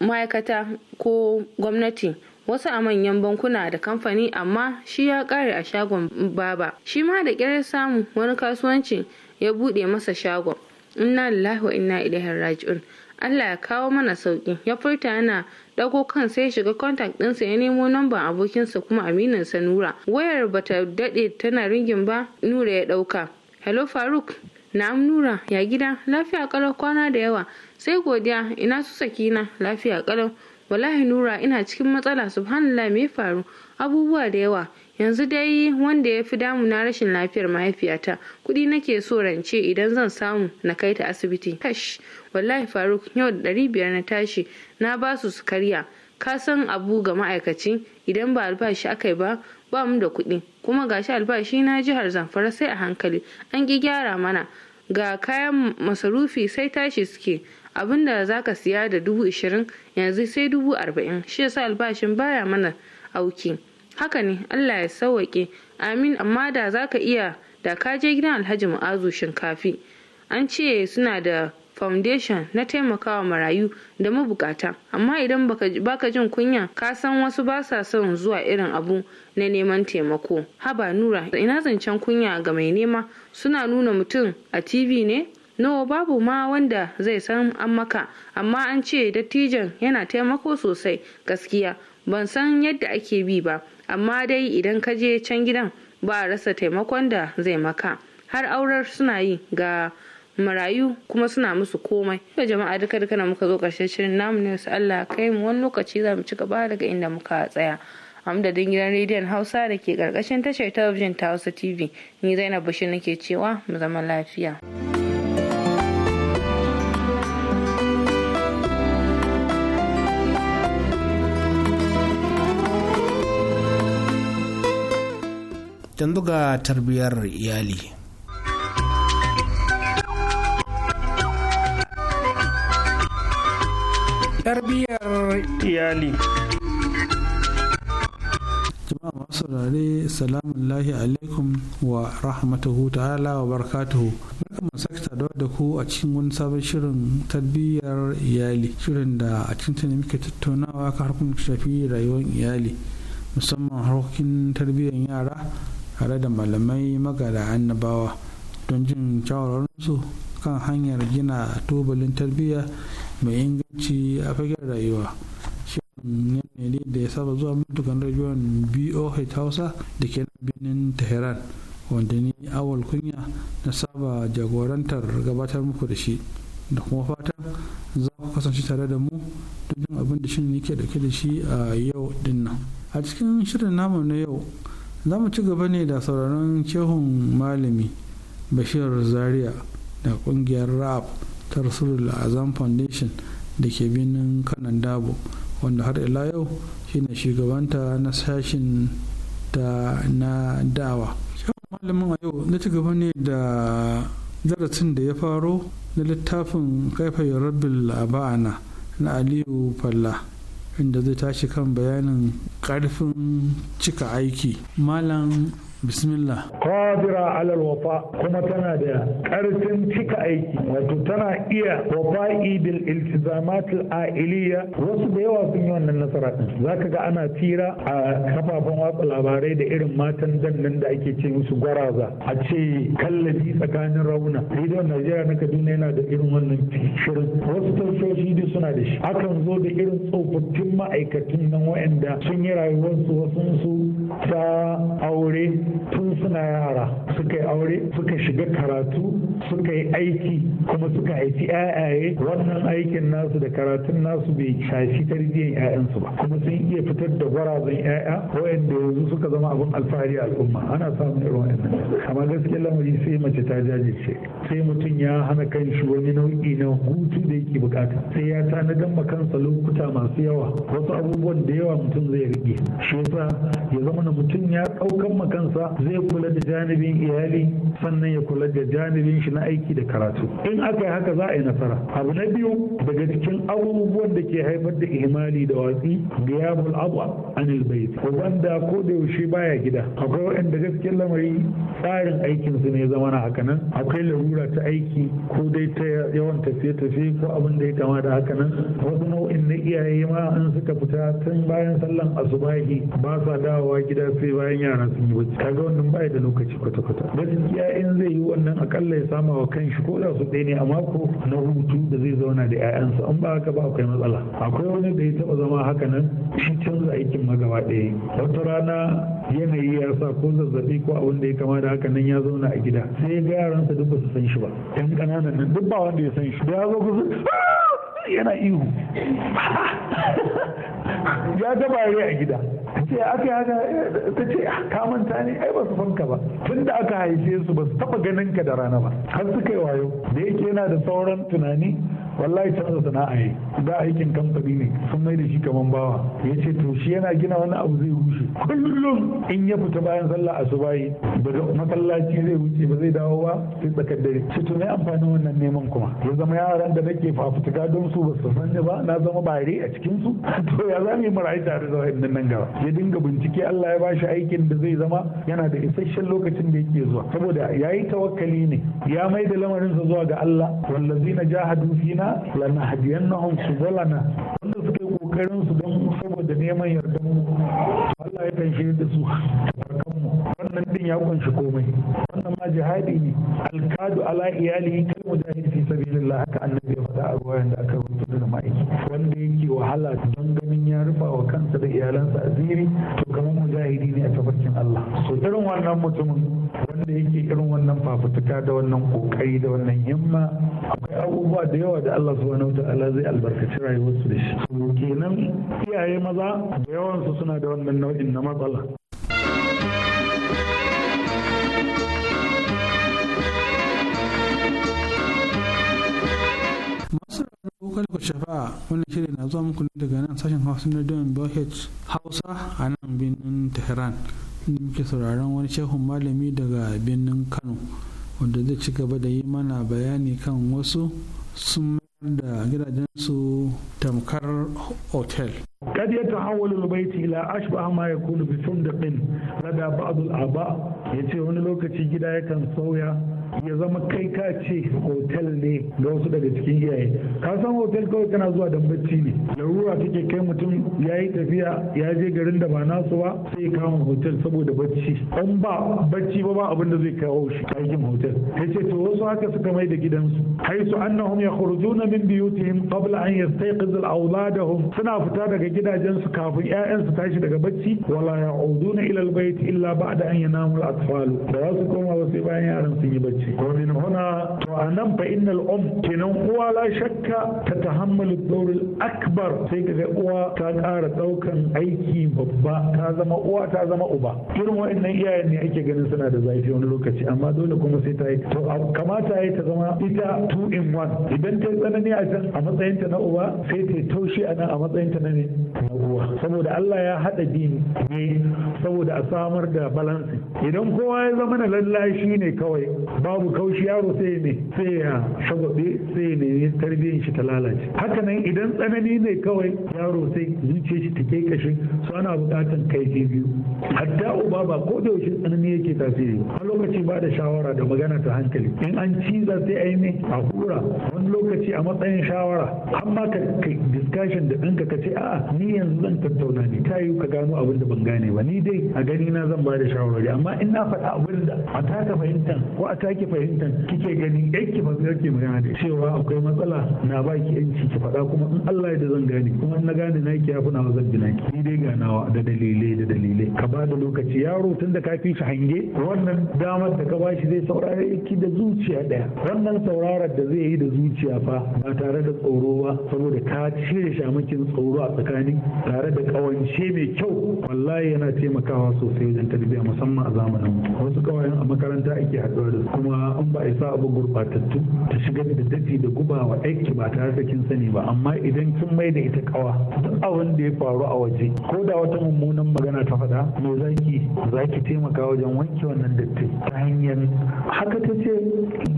ma'aikata ko gwamnati wasu a manyan bankuna da kamfani amma shi ya kare a shagon baba shi ma da kirar samu wani kasuwanci ya bude masa shagon inna lillahi wa inna ilaihi raji'un Allah ya kawo mana sauki ya furta yana dago kan sai shiga kontak ɗinsa ya nemo namban abokinsa kuma aminin sa nura wayar bata daɗe tana ringin ba nura ya ɗauka hello faruk na'am nura ya gida lafiya kalar kwana da yawa sai godiya ina su sakina lafiya kalau wallahi nura ina cikin matsala subhanallah me faru abubuwa da yawa yanzu dai wanda ya fi damu na rashin lafiyar mahaifiyata kudi nake so rance idan zan samu na kai ta asibiti kash wallahi faruk yau da ɗari biyar na tashi na ba su su karya ka san abu ga ma'aikaci idan ba albashi aka yi ba ba mu da kuɗi kuma gashi albashi na jihar zamfara sai a hankali an ƙi gyara mana ga kayan masarufi sai tashi suke abin da za ka siya da dubu ishirin yanzu sai dubu arba'in shi yasa albashin baya mana auki haka ne allah ya sauwaƙe amin amma da za ka iya da ka je gidan alhaji mu'azu shinkafi an ce suna da foundation na taimakawa marayu da mabukata amma idan baka jin kunya ka san wasu ba sa son zuwa irin abu na neman taimako haba nura ina zancen kunya ga mai nema suna nuna mutum a tv ne no babu ma wanda zai san an maka amma an ce dattijan yana taimako sosai gaskiya ban san yadda ake bi ba amma dai idan ka je can gidan ba a rasa taimakon da zai maka har aurar suna yi ga marayu kuma suna musu komai yau jama'a duka duka na muka zo karshen shirin namu ne su Allah kai mu wani lokaci za mu ci gaba daga inda muka tsaya amdadin gidan rediyon hausa da ke karkashin tashar talabijin ta hausa tv ni zainab bashir nake cewa mu zama lafiya. yanzu ga tarbiyar iyali tarbiyar iyali jama'a masu saurare salamun lahi alaikum wa rahmatuhu ta'ala wa barakatuhu barkan mu sake saduwa da ku a cikin wani sabon shirin tarbiyyar iyali shirin da a cikin ta ne muke tattaunawa ka harkokin shafi rayuwar iyali musamman harkokin tarbiyyar yara tare da malamai magada annabawa don jin su kan hanyar gina tubalin tarbiyya mai inganci a fagen rayuwa shi yanayi da ya saba zuwa mutukan rajiyon boh hausa da ke birnin tehran wanda ni awal kunya na saba jagorantar gabatar muku da shi da kuma fatan za ku kasance tare da mu don jin abin da ne yake dauke da shi a yau dinnan a cikin shirin namu na yau za mu ci gaba ne da sauraron cehun malami bashir zaria da kungiyar rap ta rasulul azam foundation da ke binin kanan dabo wanda har ila yau shine shugabanta na sashin ta na dawa cehun malamin a yau na ci gaba ne da darasin da ya faro na littafin kaifayin rabin labana na aliyu falla inda zai tashi kan bayanin karfin cika aiki malam bismillah qadira alal alwafa kuma tana da karfin cika aiki wato tana iya wafa'i bil iltizamat al wasu da yawa sun yi wannan nasara din zaka ga ana tira a kafafen watsa labarai da irin matan dannan da ake ce musu gwaraza a ce kallabi tsakanin rauna rediyon najeriya na kaduna yana da irin wannan shirin wasu tashoshi duk suna da shi akan zo da irin tsofaffin ma'aikatan nan waanda sun yi rayuwarsu wasu su ta aure tun suna yara suka yi aure suka shiga karatu suka yi aiki kuma suka haifi yayaye wannan aikin nasu da karatun nasu bai shafi tarbiyyar yayansu ba kuma sun iya fitar da gwarazan yaya wayanda yanzu suka zama abin alfahari a al'umma ana samun irin wa'annan amma gaskiya lamari sai mace ta jajirce sai mutum ya hana kan shi wani nau'i na hutu da yake bukata sai ya tanadan kansa lokuta masu yawa wasu abubuwan da yawa mutum zai riƙe. shi yasa ya zama mutum ya ɗaukan ma kansa. zai kula da janibin iyali sannan ya kula da janibin shi na aiki da karatu in aka yi haka za a yi nasara abu na biyu daga cikin abubuwan da ke haifar da ihmali da watsi giyabul abu anil bait wanda ko da yaushe baya gida akwai wanda gaskiyar lamari tsarin aikin su ne zama na haka nan akwai larura ta aiki ko dai ta yawan tafiye-tafiye ko abin da ya kama da haka nan wasu nau'in na iyaye ma in suka fita tun bayan sallan asubahi ba sa dawowa gida sai bayan yaran sun yi bacci kaga wannan ba da lokaci kwata-kwata gaskiya in zai yi wannan akalla ya sama wa kanshi ko da su ɗaya ne a mako na hutu da zai zauna da 'ya'yansa in ba haka ba akwai matsala akwai wani da ya taɓa zama haka nan shi canza aikin magaba ɗaya wata rana yanayi ya sa ko zazzabi ko abin da ya kama da haka nan ya zauna a gida sai ya ga yaransa duk ba su san shi ba yan ƙananan nan duk ba wanda ya san shi da ya zo kusa ah! yana ihu ya ga bare a gida ce aka haka ta ce ka manta ne ai ba su fanka ba tun da aka haife su ba su taba ganin ka da rana ba har suka yi wayo da yake yana da sauran tunani wallahi canza sana'a yi da aikin kamfani ne sun mai da shi kaman bawa ya ce to shi yana gina wani abu zai rushe kullum in ya fita bayan sallah asuba yi daga masallaci zai wuce ba zai dawo ba sai tsakar dare shi to mai amfanin wannan neman kuma ya zama yaran da nake fafutuka don su basu su san ba na zama bare a cikin su to ya za mu yi tare da wa'annan nan gaba ya dinga bincike Allah ya bashi aikin da zai zama yana da isasshen lokacin da yake zuwa saboda yayi tawakkali ne ya mai da lamarin lamarinsa zuwa ga Allah wallazina jahadu fina ta'ala lanahdiyanahum subulana wanda suke kokarin su don saboda neman yardan mu Allah ya kan da su farkan mu wannan din ya kunshi komai wannan ma jihadi ne alkadu ala iyali kal mujahid fi sabilillah haka annabi ya faɗa a ruwayan da aka rubuta da ma'aiki wanda yake wahala don ganin ya rufa wa kansa da iyalansa asiri to kamar mujahidi ne a tafarkin Allah so irin wannan mutumin wanda yake irin wannan fafutuka da wannan kokari da wannan himma akwai abubuwa da yawa da Allah subhanahu wataala zai albarkaci rayuwarsu da shi kenan iyaye maza da yawansu suna da wannan nau'in na matsala kada ku shafa'a wannan shirin na zuwa muku daga nan sashen hausa na don BOH Hausa a nan birnin Tehran. muke sauraron wani shehun malami daga birnin kano wanda zai ci gaba da yi mana bayani kan wasu sun da gidajensu tamkar otel. kad ya tahawwalu baiti ila ashbaha ma yakunu bi sundaqin rada ba'd al-aba yace wani lokaci gida yakan sauya ya zama kai ka ce hotel ne ga wasu daga cikin iyaye ka san hotel kawai kana zuwa dan bacci ne larura take kai mutum ya yi tafiya ya je garin da ba nasu ba sai kama hotel saboda bacci an ba bacci ba ba abin da zai kawo shi aikin hotel ya ce to wasu haka suka mai da gidansu haisu annahum yakhrujuna min biyutihim qabla an yastayqizu awladahum suna fita daga gidajensu kafin ƴaƴan su tashi daga bacci wala ya'uduna ila albayt illa ba'da an yanamu al-atfal ba za su koma ba sai bayan yaran sun yi bacci ce wa min huna to anan fa innal um kenan uwa la shakka ta tahammalu dawr akbar sai kaga uwa ta ƙara ɗaukan aiki babba ta zama uwa ta zama uba irin waɗannan iyayen ne ake ganin suna da zafi wani lokaci amma dole kuma sai ta yi to kamata ya ta zama ita two in one idan ta yi tsanani a can a matsayinta na uba sai ta taushe a nan a matsayinta na ne uwa saboda Allah ya haɗa din ne saboda a samar da balansi idan kowa ya zama na lallashi ne kawai babu kaushi yaro sai ne sai ya shagwabe sai ne tarbiyyar shi ta lalace haka nan idan tsanani ne kawai yaro sai zuciya shi ta ke kashin su ana bukatan kaifi biyu hatta uba ba ko da yaushe tsanani yake tasiri a lokaci ba da shawara da magana ta hankali in an ciza sai a yi ne a hura wani lokaci a matsayin shawara amma ka kai, discussion da ɗanka ka ce a'a ni yanzu zan tattauna ne ta yiwu ka gano abin da ban gane ba ni dai a gani na zan ba da shawarwari amma in na faɗa abin da a taka fahimtar ko a ta ki fahimta kike gani yanki fa yake magana da cewa akwai matsala na baki yanci ki faɗa kuma in Allah ya da zan gane kuma na gane na ki yafi nawa zan gina ki dai ganawa da dalilai da dalilai ka ba da lokaci yaro tun da ka fi shi hange wannan damar da ka bashi zai saurara ki da zuciya ɗaya. wannan sauraron da zai yi da zuciya fa ba tare da tsoro ba saboda ka cire shamakin tsoro a tsakani tare da ƙawance mai kyau wallahi yana taimakawa sosai wajen tarbiyya musamman a zamanin wasu kawayen a makaranta ake haɗuwa da su kuma an ba isa abu gurbatattu ta shigar da dafi da guba wa aiki ba tare da kin sani ba amma idan kin mai da ita kawa duk abin da ya faru a waje ko da wata mummunan magana ta faɗa me zaki zaki taimaka wajen wanke wannan datti ta hanyar haka ta ce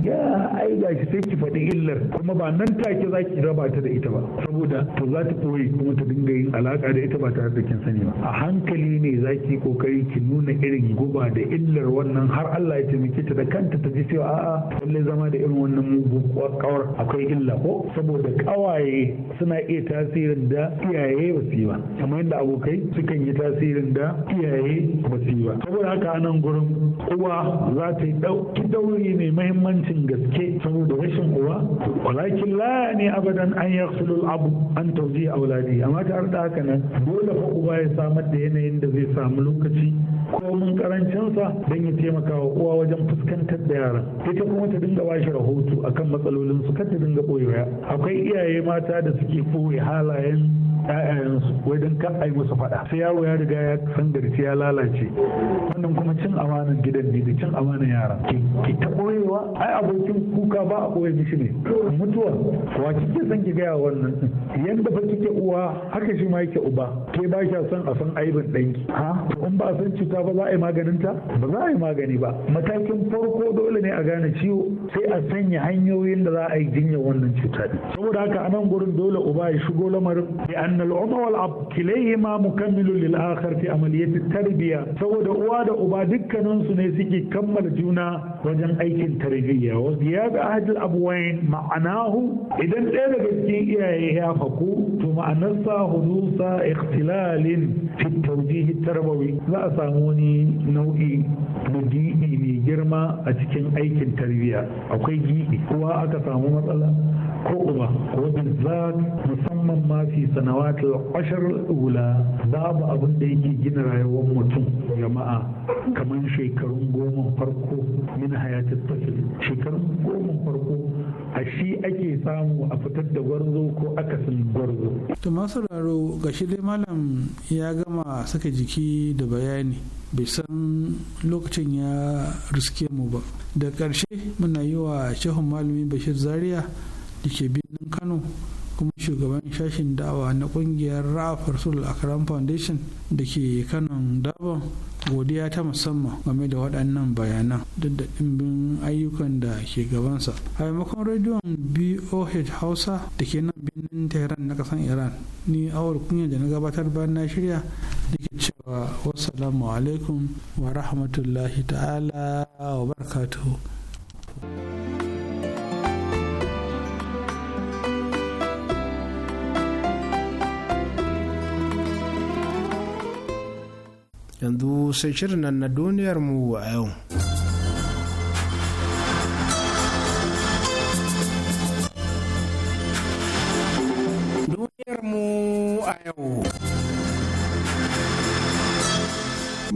ya ai shi, sai ki faɗi illar kuma ba nan take zaki raba ta da ita ba saboda to za ta ɓoye kuma ta dinga yin alaka da ita ba tare da kin sani ba a hankali ne zaki kokari ki nuna irin guba da illar wannan har Allah ya taimake ta da kanta ta ji cewa a'a lallai zama da irin wannan mugun kawar akwai illa ko saboda kawaye suna iya tasirin da iyaye ba su yi ba kamar yadda abokai sukan yi tasirin da iyaye ba su yi ba saboda haka anan gurin uwa za ta yi dauki dauri mai mahimmancin gaske saboda rashin uwa walakin la ne abadan an yaghsulu abu an a wuladi. amma tare da haka nan dole fa uba ya samar da yanayin da zai samu lokaci ko mun karancinsa don ya taimaka wa uwa wajen fuskantar da yaran ita kuma ta dinga washe rahoto akan matsalolin su kada ta dinga boyewa akwai iyaye mata da suke boye halayen ƴaƴayensu wai don kan ai musu faɗa sai yaro ya riga ya san garci ya lalace wannan kuma cin amanan gidan ne da cin amanan yara ki ta koyewa ai abokin kuka ba a ɓoye mishi ne mutuwa wa kike san ki gaya wannan yanda ba kike uwa haka shi ma yake uba ke ba kya son a san aibin danki ha in ba a san cuta ba za a yi maganin ta ba za a yi magani ba matakin farko dole ne a gane ciwo sai a sanya hanyoyin da za a yi jinyar wannan cuta saboda haka anan nan gurin dole uba ya shigo lamarin sai an لأن الأم والأب كليهما مكمل للآخر في عملية التربية سوى دعوة دعوة دكا ننسى سيكي كمل جونا وجن أيك التربية وغياب أحد الأبوين معناه إذا إذا بكي إياه فكو ثم أنسى حدوث اختلال في التوجيه التربوي لا أساموني نوعي بديئي mai girma a cikin aikin tarbiyya akwai gibi kowa aka samu matsala ko uba ko bizzat musamman ma fi sanawatul ashar ula babu abin da yake gina rayuwar mutum jama'a kamar shekarun goma farko min hayatul tafil shekarun goma farko a shi ake samu a fitar da gwarzo ko akasin gwarzo to masu raro ga shi dai malam ya gama saka jiki da bayani bai san lokacin ya riske mu ba da ƙarshe muna yi wa shehun malamin bashir zaria da ke birnin kano kuma shugaban shashin da'awa na kungiyar ra'af rasul akram foundation da ke kanon da'wa godiya ta musamman game da waɗannan bayanan duk da ɗimbin ayyukan da ke gabansa a maimakon rediyon boh hausa da ke nan birnin tehran na ƙasar iran ni awar kunya da na gabatar bayan na shirya da ke cewa wasalamu alaikum wa rahmatullahi ta'ala wa barakatuhu yanzu sai shirin nan na duniyar mu a yau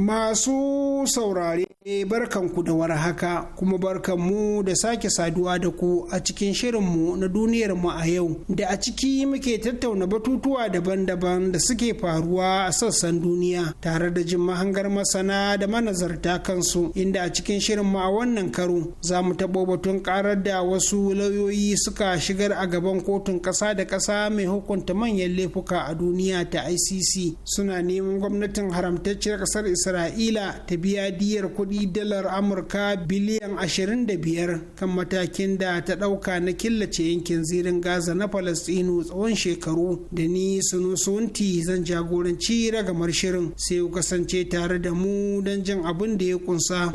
Masu saurare Eh, barkan ku da warhaka kuma mu da sake saduwa da ku a cikin shirin mu na duniyar mu a yau da a ciki muke tattauna batutuwa daban-daban da suke faruwa a sassan duniya tare da jin mahangar masana da manazarta kansu inda a cikin shirin mu a wannan karo za mu taɓo batun karar da wasu lauyoyi suka shigar a gaban kotun ƙasa da ƙasa mai hukunta manyan laifuka a duniya ta ICC suna neman gwamnatin haramtacciyar ƙasar Isra'ila ta biya diyar kuɗi kuɗi dalar amurka biliyan 25 kan matakin da ta ɗauka na killace yankin zirin gaza na palestinu tsawon shekaru da ni sunusunti zan jagoranci ragamar shirin sai ku kasance tare da mu don jin abin da ya kunsa.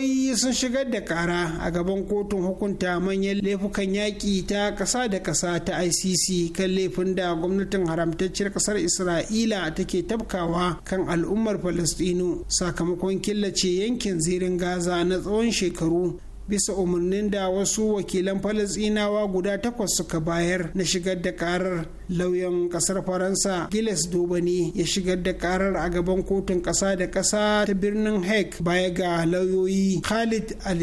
ƙungiyoyi sun shigar da kara a gaban kotun hukunta manyan laifukan yaƙi ta ƙasa da ƙasa ta icc kan laifin da gwamnatin haramtacciyar ƙasar isra'ila take tafkawa kan al'ummar falastinu sakamakon killace yankin zirin gaza na tsawon shekaru bisa umarnin da wasu wakilan falasinawa guda takwas suka bayar na shigar da karar lauyan kasar faransa giles dubani ya shigar da karar a gaban kotun kasa da kasa ta birnin hague baya ga lauyoyi khalid al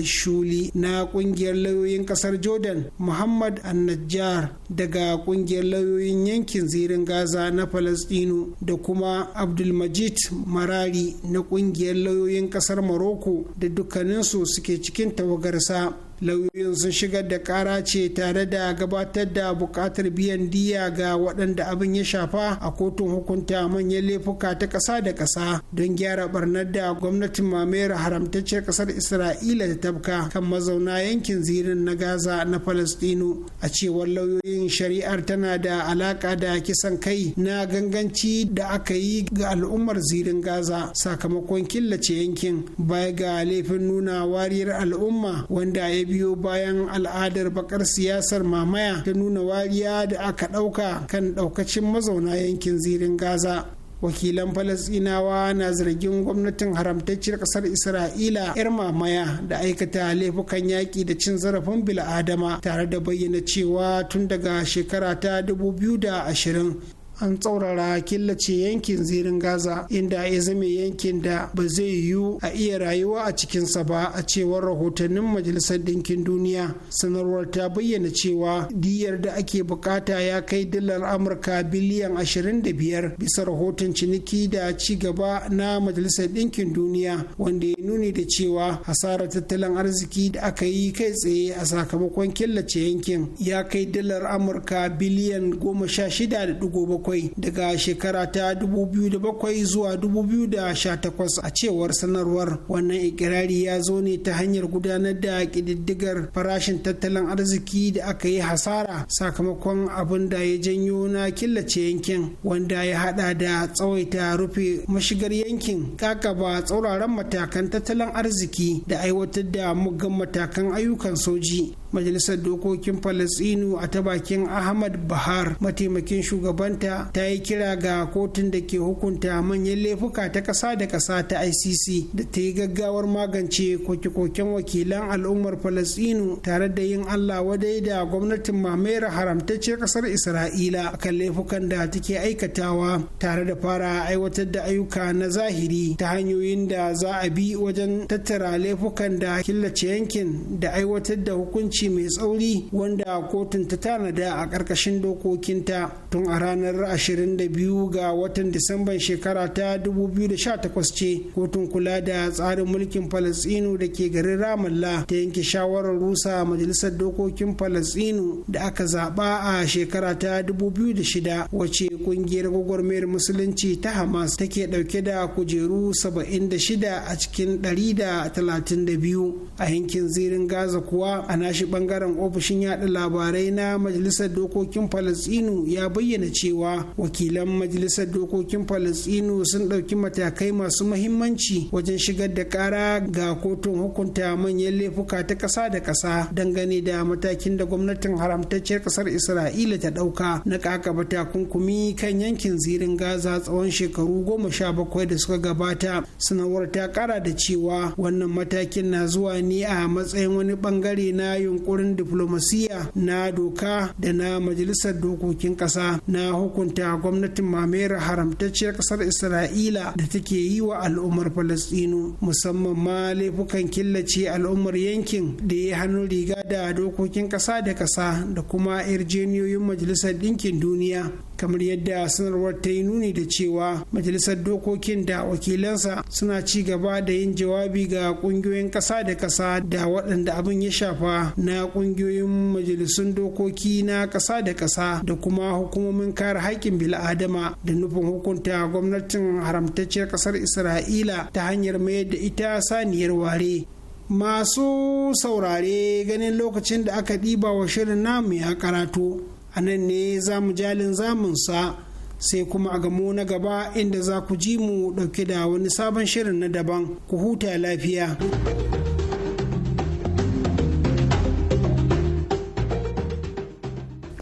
na kungiyar lauyoyin kasar jordan muhammad annajjar daga kungiyar lauyoyin yankin zirin gaza na falasdino da kuma abdulmajid marari na kungiyar lauyoyin kasar maroko da dukkaninsu suke cikin tawagar out. lauyoyin sun shigar da kara ce tare da gabatar da bukatar biyan diya ga waɗanda abin ya shafa a kotun hukunta manyan laifuka ta ƙasa da ƙasa don gyara barnar da gwamnatin mamayar haramtacciyar ƙasar isra'ila ta tabka kan mazauna yankin zirin na gaza na falastinu a cewar lauyoyin shari'ar tana da alaƙa da kisan kai na ganganci da aka yi ga al'ummar zirin gaza sakamakon killace yankin baya ga laifin nuna wariyar al'umma wanda ya biyo bayan al'adar bakar siyasar mamaya ta nuna wariya da aka ɗauka kan ɗaukacin mazauna yankin zirin gaza wakilan falasinawa na zargin gwamnatin haramtacciyar ƙasar isra'ila 'yar mamaya da aikata laifukan yaƙi da cin zarafin bil'adama tare da bayyana cewa tun daga shekara ta 2020 an tsaurara killace yankin zirin gaza inda ya zame yankin da ba zai yiwu a iya rayuwa a cikinsa ba a cewar rahotannin majalisar ɗinkin duniya sanarwar ta bayyana cewa diyar da ake bukata ya kai dalar amurka biliyan 25 bisa rahoton ciniki da ci gaba na majalisar ɗinkin duniya wanda ya nuni da cewa hasarar tattalin arziki da aka yi kai tsaye a sakamakon killace yankin ya kai dalar amurka biliyan 16.7 bakwai daga shekara ta 2007 zuwa 2018 a cewar sanarwar wannan ikirari ya zo ne ta hanyar gudanar da kididdigar farashin tattalin arziki da aka yi hasara sakamakon abin da ya janyo na killace yankin wanda ya hada da tsawaita rufe mashigar yankin kakaba tsauraran matakan tattalin arziki da aiwatar da muggan matakan ayyukan soji majalisar dokokin falasinu a ta bakin ahmad bahar mataimakin shugabanta ta yi kira ga kotun da ke hukunta manyan laifuka ta ƙasa da ƙasa ta icc da ta yi gaggawar magance koke-koken wakilan al'ummar falasinu tare da yin allah wadai da gwamnatin mamayar haramtacce ƙasar isra'ila kan laifukan da take aikatawa tare da fara aiwatar da ayyuka na zahiri ta hanyoyin da za a bi wajen tattara laifukan da killace yankin da aiwatar da hukunci hukunci mai tsauri wanda kotun ta tanada a ƙarƙashin dokokinta tun a ranar 22 ga watan disamban shekara ta 2018 ce kotun kula da tsarin mulkin falasinu da ke garin ramalla ta yanke shawarar rusa majalisar dokokin falasinu da aka zaɓa a shekara ta 2006 wace ƙungiyar gwagwarmayar musulunci ta hamas take ɗauke da kujeru 76 a cikin 132 a yankin zirin gaza kuwa a nashi bangaren ofishin yada labarai na majalisar dokokin falasinu ya bayyana cewa wakilan majalisar dokokin falasinu sun ɗauki matakai masu mahimmanci wajen shigar da kara ga kotun hukunta manyan laifuka ta ƙasa da ƙasa dangane da matakin da gwamnatin haramtacciyar ƙasar isra'ila ta ɗauka na kakaba takunkumi kan yankin zirin gaza tsawon shekaru goma sha bakwai da suka gabata sanarwar ta ƙara da cewa wannan matakin na zuwa ne a matsayin wani bangare na yun yunkurin diflomasiya na doka da na majalisar dokokin kasa na hukunta gwamnatin mamera haramtacciyar ƙasar isra'ila da take yi wa al'ummar falastinu musamman ma laifukan killace al'ummar yankin da ya hannun riga da dokokin kasa da kasa da kuma yarjeniyoyin majalisar ɗinkin duniya kamar yadda sanarwar ta yi nuni da cewa majalisar dokokin da wakilansa suna ci gaba da yin jawabi ga kungiyoyin ƙasa da ƙasa da waɗanda abin ya shafa na kungiyoyin majalisun dokoki na ƙasa da ƙasa da kuma hukumomin kare haƙƙin bil'adama da nufin hukunta gwamnatin haramtacciyar ƙasar isra'ila ta hanyar mayar da ita saniyar ware masu saurare ganin lokacin da aka ɗiba wa shirin namu ya karatu a nan ne za mu jalin zamunsa sai kuma a gamo na gaba inda za ku ji mu ɗauke da wani sabon shirin na daban ku huta lafiya.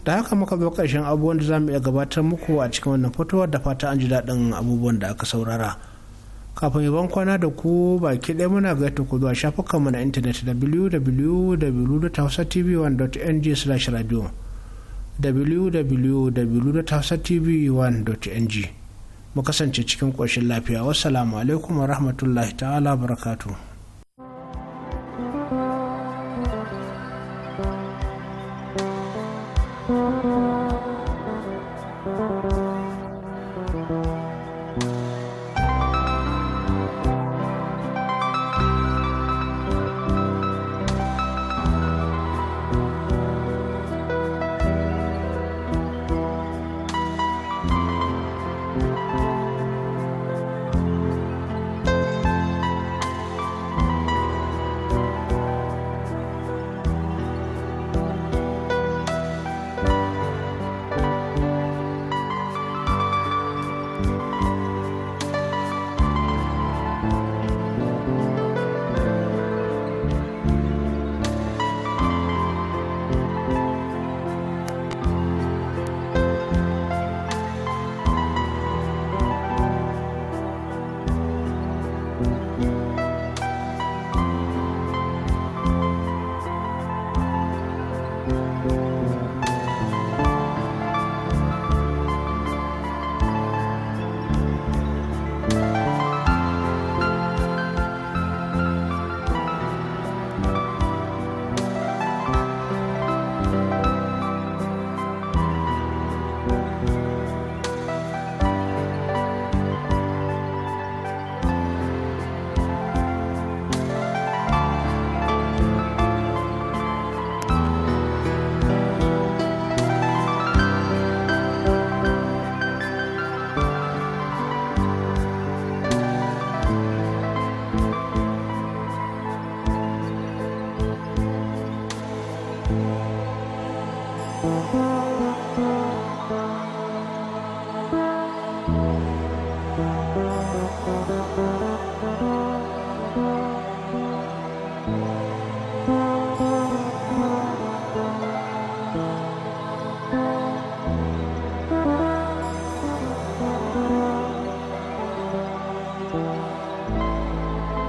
da haka muka zo ƙarshen abubuwan da za mu iya gabatar muku a cikin wannan fotowa da fata an ji daɗin abubuwan da aka saurara kafin ban kwana da ku baki ɗaya muna gaita ku zuwa shafukanmu na intanet www.hausatv1.ng/radio wwwtv 1ng mu kasance cikin ƙoshin lafiya wasu alaikum wa rahmatullahi ta'ala barakatu.